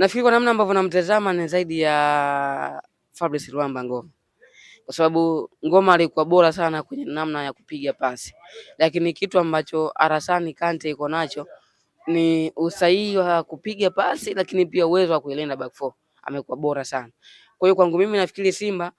Nafikiri kwa namna ambavyo namtazama ni zaidi ya Fabrice Luamba Ngoma, kwa sababu Ngoma alikuwa bora sana kwenye namna ya kupiga pasi, lakini kitu ambacho Arasani Kante iko nacho ni usahihi wa kupiga pasi, lakini pia uwezo wa kuilinda back four amekuwa bora sana. Kwa hiyo kwangu mimi nafikiri Simba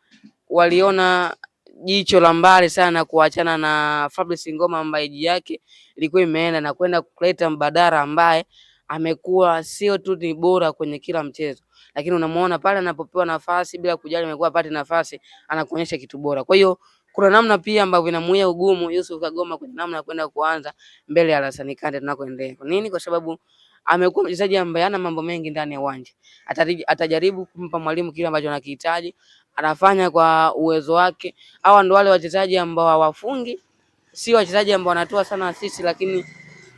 waliona jicho la mbali sana kuachana na Fabrice Ngoma ambaye ji yake ilikuwa imeenda na kwenda kuleta mbadala ambaye amekuwa sio tu ni bora kwenye kila mchezo, lakini unamuona pale anapopewa nafasi bila kujali amekuwa apate nafasi, anakuonyesha kitu bora. Kwa hiyo kuna namna pia ambavyo inamuia ugumu Yusuf Kagoma kwenye namna ya kwenda kuanza mbele ya Alasani Kante tunakoendelea. Kwa nini? Kwa sababu amekuwa mchezaji ambaye ana mambo mengi ndani ya uwanja. Atajaribu kumpa mwalimu kile ambacho anakihitaji, anafanya kwa uwezo wake. Hawa ndio wale wachezaji ambao hawafungi, sio wachezaji ambao wanatoa sana assist, lakini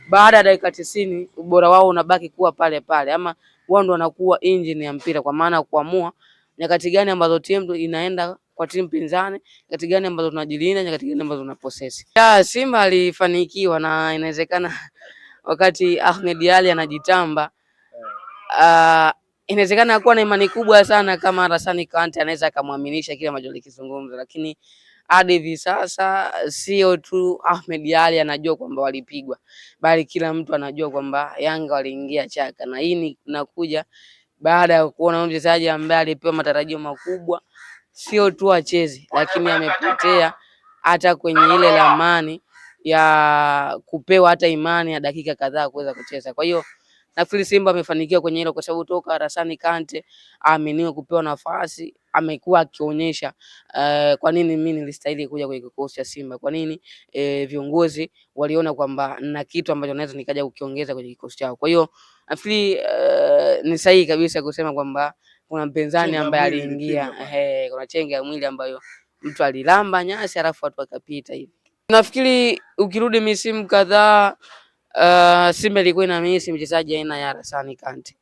baada ya dakika tisini ubora wao unabaki kuwa pale pale, ama wao ndo wanakuwa injini ya mpira, kwa maana ya kuamua nyakati gani ambazo timu inaenda kwa timu pinzani, nyakati gani ambazo tunajilinda, nyakati gani ambazo tunaposesi. Simba alifanikiwa na inawezekana wakati Ahmed Ali anajitamba uh, inawezekana kuwa na imani kubwa sana kama Rasani Kante anaweza akamwaminisha kile ambacho alikizungumza, lakini hadi hivi sasa sio tu Ahmed Ally anajua kwamba walipigwa, bali kila mtu anajua kwamba Yanga waliingia chaka, na hii nakuja baada ya kuona mchezaji ambaye alipewa matarajio makubwa, sio tu acheze, lakini amepotea hata kwenye ile lamani ya kupewa hata imani ya dakika kadhaa kuweza kucheza. Kwa hiyo Nafikiri Simba amefanikiwa kwenye hilo kwa sababu toka Rasani Kante aaminiwe kupewa nafasi amekuwa akionyesha uh, kwa nini mimi nilistahili kuja kwenye kikosi cha Simba, kwa nini eh, viongozi waliona kwamba na kitu ambacho naweza nikaja kukiongeza kwenye kikosi chao. Kwa hiyo nafikiri uh, ni sahihi kabisa kusema kwamba kuna mpinzani ambaye aliingia, eh, kuna chenge ya mwili ambayo mtu alilamba nyasi alafu watu wakapita hivi. Nafikiri ukirudi misimu kadhaa Eh, Simba ilikuwa na misi mchezaji aina ya Rasani Kante.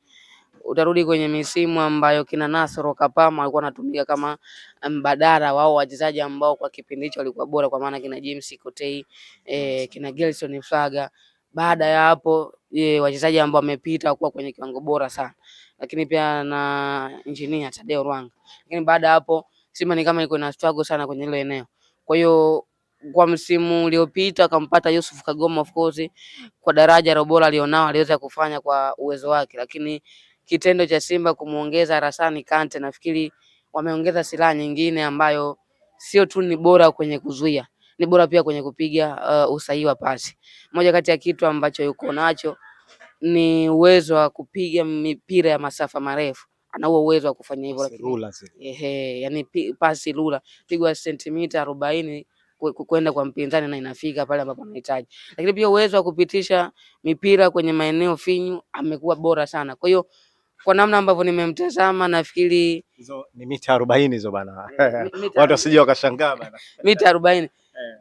Utarudi kwenye misimu ambayo kina Nasoro Kapama alikuwa anatumika kama mbadala wao wachezaji ambao kwa kipindi hicho walikuwa bora, kwa maana kina James Kotei eh, kina Gelson Faga. Baada ya hapo eh, wachezaji ambao wamepita kuwa kwenye kiwango bora sana, lakini pia na Engineer Tadeo Rwanga. Lakini baada ya hapo Simba ni kama iko na struggle sana kwenye ile eneo, kwa hiyo kwa msimu uliopita akampata Yusuf Kagoma, of course kwa daraja la alionao aliweza kufanya kwa uwezo wake, lakini kitendo cha Simba kumuongeza Rasani Kante, nafikiri wameongeza silaha nyingine ambayo sio tu ni bora kwenye kuzuia, ni bora pia kwenye kupiga uh, usahihi wa pasi. Moja kati ya kitu ambacho yuko nacho ni uwezo wa kupiga mipira ya masafa marefu ana huo uwezo wa kufanya hivyo, lakini ehe, yani pasi lula pigwa sentimita arobaini kwenda kwa mpinzani na inafika pale ambapo anahitaji. Lakini pia uwezo wa kupitisha mipira kwenye maeneo finyu amekuwa bora sana. Kwa hiyo kwa namna ambavyo nimemtazama nafikiri hizo ni mita 40 hizo bana. Watu wasije wakashangaa bana. Mita 40. Eh.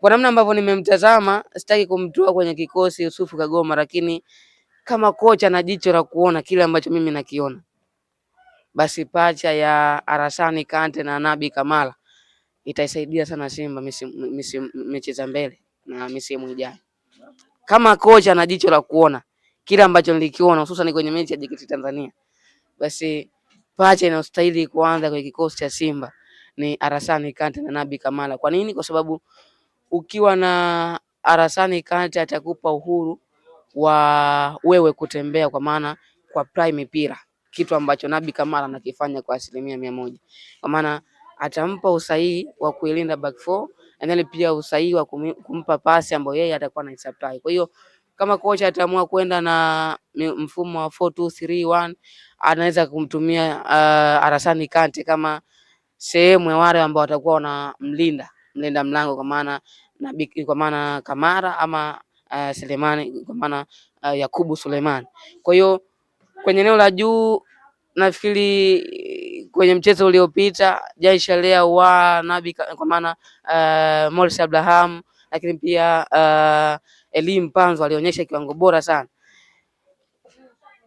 Kwa namna ambavyo nimemtazama sitaki kumtoa kwenye kikosi Yusufu Kagoma, lakini kama kocha na jicho la kuona kile ambacho mimi nakiona, basi pacha ya Arasani Kante na Nabi Kamala itaisaidia sana Simba mechi za mbele na misimu ijayo. Kama kocha na jicho la kuona kile ambacho nilikiona hususan kwenye mechi ya JKT Tanzania, basi pacha inayostahili kuanza kwenye kikosi cha Simba ni Arasani Kante na Nabi Kamala. Kwa nini? Kwa sababu ukiwa na Arasani Kante atakupa uhuru wa wewe kutembea, kwa maana kwa prime mipira, kitu ambacho Nabi Kamala anakifanya kwa asilimia mia moja, kwa maana atampa usahihi wa kuilinda back four and then pia usahihi wa kumpa pasi ambayo yeye atakuwa na supply. Kwa hiyo kama kocha ataamua kwenda na mfumo wa 4231 anaweza kumtumia uh, Arasani Kante kama sehemu ya wale ambao watakuwa na mlinda mlango kwa maana kwa maana Kamara ama uh, Selemani kwa maana uh, Yakubu Suleimani. Kwa hiyo kwenye eneo la juu nafikiri kwenye mchezo uliopita Jaisha Lea wa Nabi kwa maana uh, eh, Morris Abraham, lakini pia uh, eh, Elim Panzo alionyesha kiwango bora sana.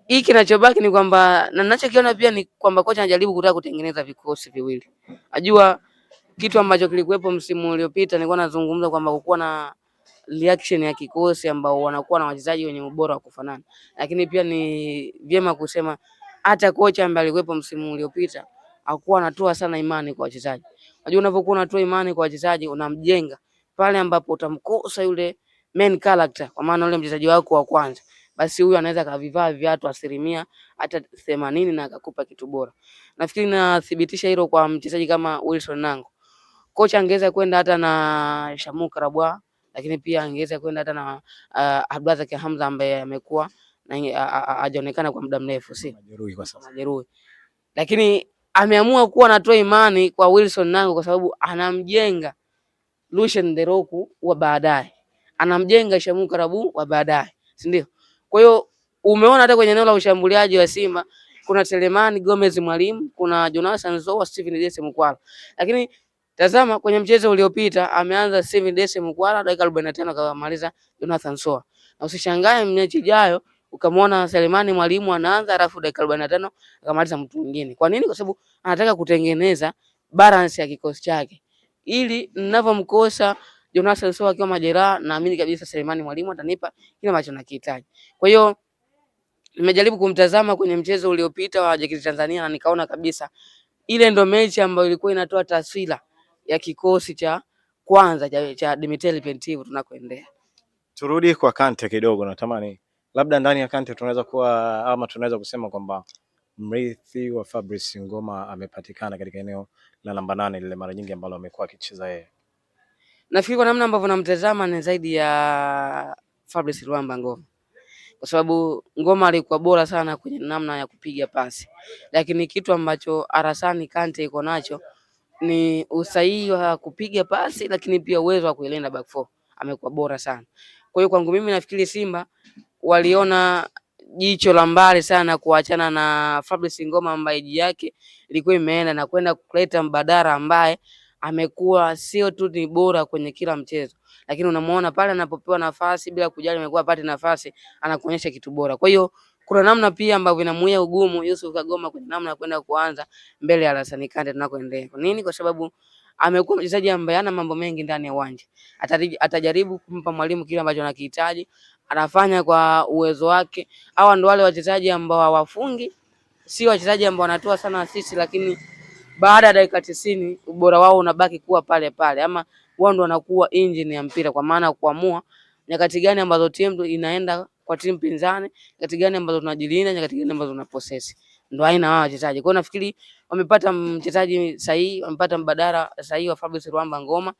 Hii kinachobaki ni kwamba na ninachokiona pia ni kwamba kocha anajaribu kutaka kutengeneza vikosi viwili. Najua kitu ambacho kilikuwepo msimu uliopita, nilikuwa nazungumza kwamba kukuwa na reaction ya kikosi ambao wanakuwa na wachezaji wenye ubora wa kufanana, lakini pia ni vyema kusema hata kocha ambaye alikuwepo msimu uliopita hakuwa anatoa sana imani kwa wachezaji. Unajua unapokuwa unatoa imani kwa wachezaji unamjenga pale ambapo utamkosa yule main character, kwa maana yule mchezaji wako wa kwanza, basi huyu anaweza kavivaa viatu asilimia hata themanini na akakupa kitu bora. Nafikiri nathibitisha hilo kwa mchezaji kama Wilson Nango. Kocha angeweza kwenda hata na Shamu Karabwa, lakini pia angeweza kwenda hata na uh, Abdulrazak Hamza ambaye amekuwa uh, uh, hajaonekana kwa muda mrefu, si majeruhi kwa sasa, majeruhi lakini ameamua kuwa anatoa imani kwa Wilson Nangu kwa sababu anamjenga Lucien Deroku wa baadaye, anamjenga Shamu Karabu wa baadaye, si ndio? Kwa hiyo umeona hata kwenye eneo la ushambuliaji wa Simba kuna Telemani Gomez Mwalimu, kuna Jonathan Zoa, Steven Dese Mkwala. Lakini tazama kwenye mchezo uliopita ameanza Steven Dese Mkwala dakika 45 akamaliza Jonathan Zoa. Na usishangae mechi ijayo ukamwona Selemani mwalimu anaanza, alafu dakika 45 akamaliza mtu mwingine. Kwa nini? Kwa sababu anataka kutengeneza balance ya kikosi chake, ili ninavyomkosa Jonas Sowa akiwa majeraha, naamini kabisa Selemani mwalimu atanipa kile ambacho nakihitaji. Kwa hiyo nimejaribu kumtazama kwenye mchezo uliopita wa JKT Tanzania na nikaona kabisa ile ndo mechi ambayo ilikuwa inatoa taswira ya kikosi cha kwanza cha, cha Dimitri Pantev tunakoendea. Turudi kwa Kante kidogo, natamani labda ndani ya Kante tunaweza kuwa ama tunaweza kusema kwamba mrithi wa Fabrice Ngoma amepatikana katika eneo la namba nane lile mara nyingi ambalo amekuwa akicheza yeye. Nafikiri kwa namna ambavyo namtazama ni zaidi ya Fabrice Luamba Ngoma, kwa sababu Ngoma alikuwa bora sana kwenye namna ya kupiga pasi, lakini kitu ambacho Arasani Kante iko nacho ni usahihi wa kupiga pasi, lakini pia uwezo wa kuilinda back four amekuwa bora sana. Kwa hiyo kwangu mimi nafikiri Simba waliona jicho la mbali sana kuachana na Fabrice Ngoma ambaye jiji yake ilikuwa imeenda na kwenda kuleta mbadala ambaye amekuwa sio tu ni bora kwenye kila mchezo, lakini unamuona pale anapopewa nafasi bila kujali amekuwa apate nafasi, anakuonyesha kitu bora. Kwa hiyo kuna namna pia ambavyo inamuia ugumu Yusuf Kagoma kwenye namna ya kwenda kuanza mbele ya Alasani Kante tunakoendelea. Kwa nini? Kwa sababu amekuwa mchezaji ambaye ana mambo mengi ndani ya uwanja. Atajaribu kumpa mwalimu kile ambacho anakihitaji, anafanya kwa uwezo wake. Hawa ndio wale wachezaji ambao hawafungi, si wachezaji ambao wanatoa sana asisi, lakini baada ya dakika tisini ubora wao unabaki kuwa pale pale, ama wao ndio wanakuwa injini ya mpira, kwa maana kuamua nyakati gani ambazo timu inaenda kwa timu pinzani, nyakati gani ambazo tunajilinda, nyakati gani ambazo tunaposesi. ndo aina wao wachezaji. Kwa hiyo nafikiri wamepata mchezaji sahihi, wamepata mbadala sahihi wa Fabrice Ruamba Ngoma.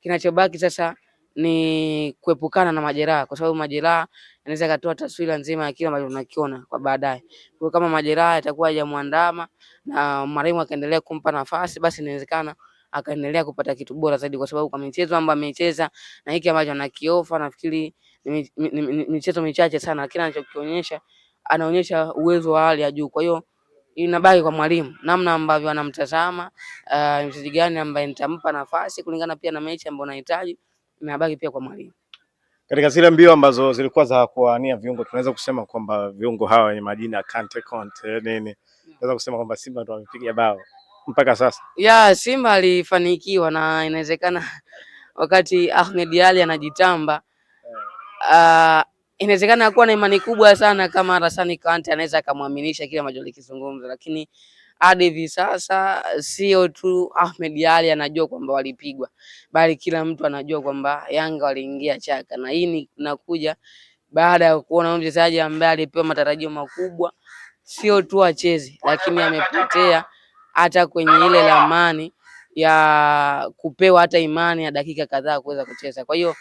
Kinachobaki sasa ni kuepukana na majeraha, kwa sababu majeraha yanaweza katoa taswira nzima ya kile ambacho tunakiona kwa baadaye. Kwa kama majeraha yatakuwa hajamuandama na marehemu akaendelea kumpa nafasi, basi inawezekana akaendelea kupata kitu bora zaidi, kwa sababu kwa michezo ambayo amecheza na hiki ambacho anakiofa, nafikiri ni michezo michache sana, lakini anachokionyesha anaonyesha uwezo wa hali ya juu. Kwa hiyo inabaki kwa mwalimu namna ambavyo anamtazama uh, mchezaji gani ambaye nitampa nafasi kulingana pia na mechi ambayo nahitaji na habari pia kwa mwalimu. Katika zile mbio ambazo zilikuwa za kuwania viungo, tunaweza kusema kwamba viungo hawa wenye majina Kante, Conte nini, tunaweza kusema kwamba Simba ndo wamepiga bao mpaka sasa. Ya Simba alifanikiwa, na inawezekana wakati Ahmed Ally anajitamba uh, inawezekana kuwa na imani kubwa sana kama Rasani Kante anaweza akamwaminisha kile ambacho alikizungumza, lakini hadi hivi sasa sio tu Ahmed Ally anajua kwamba walipigwa, bali kila mtu anajua kwamba Yanga waliingia chaka, na hii nakuja baada ya kuona mchezaji ambaye alipewa matarajio makubwa, sio tu acheze, lakini amepotea hata kwenye ile lamani ya kupewa hata imani ya dakika kadhaa kuweza kucheza. Kwa hiyo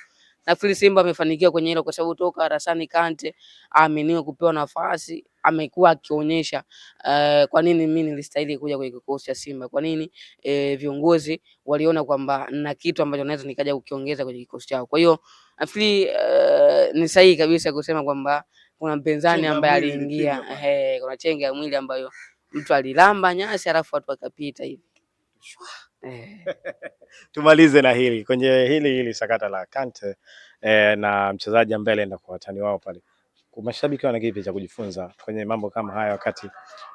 nafikiri Simba amefanikiwa kwenye hilo, kwa sababu toka Rasani Kante aaminiwe kupewa nafasi amekuwa akionyesha uh, kwa nini mimi nilistahili kuja kwenye kikosi cha Simba, kwa nini e, viongozi waliona kwamba na kitu ambacho naweza nikaja kukiongeza kwenye kikosi chao. Kwa hiyo nafikiri uh, ni sahihi kabisa kusema kwamba kuna mpinzani ambaye aliingia, kuna chenga ya mwili ambayo mtu alilamba nyasi alafu watu wakapita hivi. Tumalize na hili kwenye hili hili sakata la Kante eh, na mchezaji ambaye alienda kwa watani wao pale mashabiki wana kipi cha kujifunza kwenye mambo kama haya wakati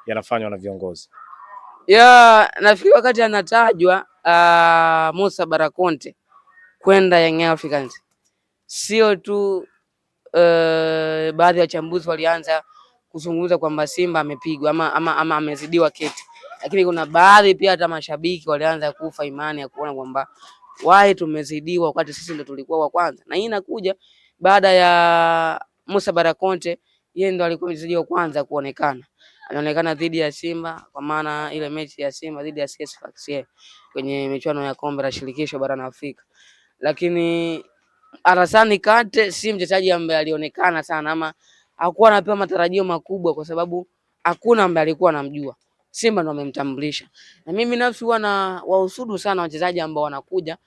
yanafanywa na viongozi? Ya, nafikiri wakati anatajwa uh, ah, Musa Barakonte kwenda Young Africans sio tu uh, baadhi ya wachambuzi walianza kuzungumza kwamba Simba amepigwa ama, ama, ama amezidiwa keti, lakini kuna baadhi pia hata mashabiki walianza kufa imani ya kuona kwamba wae tumezidiwa wakati sisi ndo tulikuwa wa kwanza, na hii inakuja baada ya Musa Barakonte, yeye ndo alikuwa mchezaji wa kwanza kuonekana. Alionekana dhidi ya Simba kwa maana ile mechi ya Simba dhidi ya CS Sfaxien kwenye michuano ya kombe la shirikisho barani Afrika. Lakini Arasani Kante si mchezaji ambaye alionekana sana ama hakuwa anapewa matarajio makubwa kwa sababu hakuna ambaye alikuwa anamjua. Simba ndo amemtambulisha. Na mimi nafsi huwa na wahusudu sana wachezaji ambao wanakuja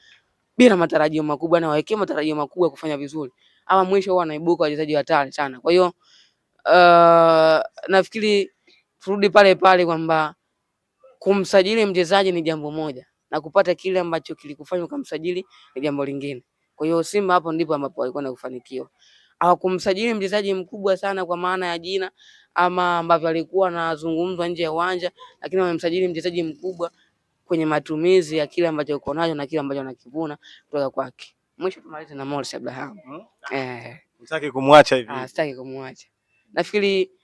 bila matarajio makubwa na wawekee matarajio makubwa kufanya vizuri ama mwisho huwa anaibuka wachezaji hatari sana. Kwa hiyo uh, nafikiri turudi pale pale kwamba kumsajili mchezaji ni jambo moja na kupata kile ambacho kilikufanya ukamsajili ni jambo lingine. Kwa hiyo Simba hapo ndipo ambapo walikuwa na kufanikiwa. Hawakumsajili mchezaji mkubwa sana kwa maana ya jina ama ambavyo alikuwa anazungumzwa nje ya uwanja, lakini wamemsajili mchezaji mkubwa kwenye matumizi ya kile ambacho uko nacho na kile ambacho anakivuna kutoka kwake mwisho tumalize na Morris Abraham. Hmm. Eh, sitaki kumwacha hivi. Ah, sitaki kumwacha. Nafikiri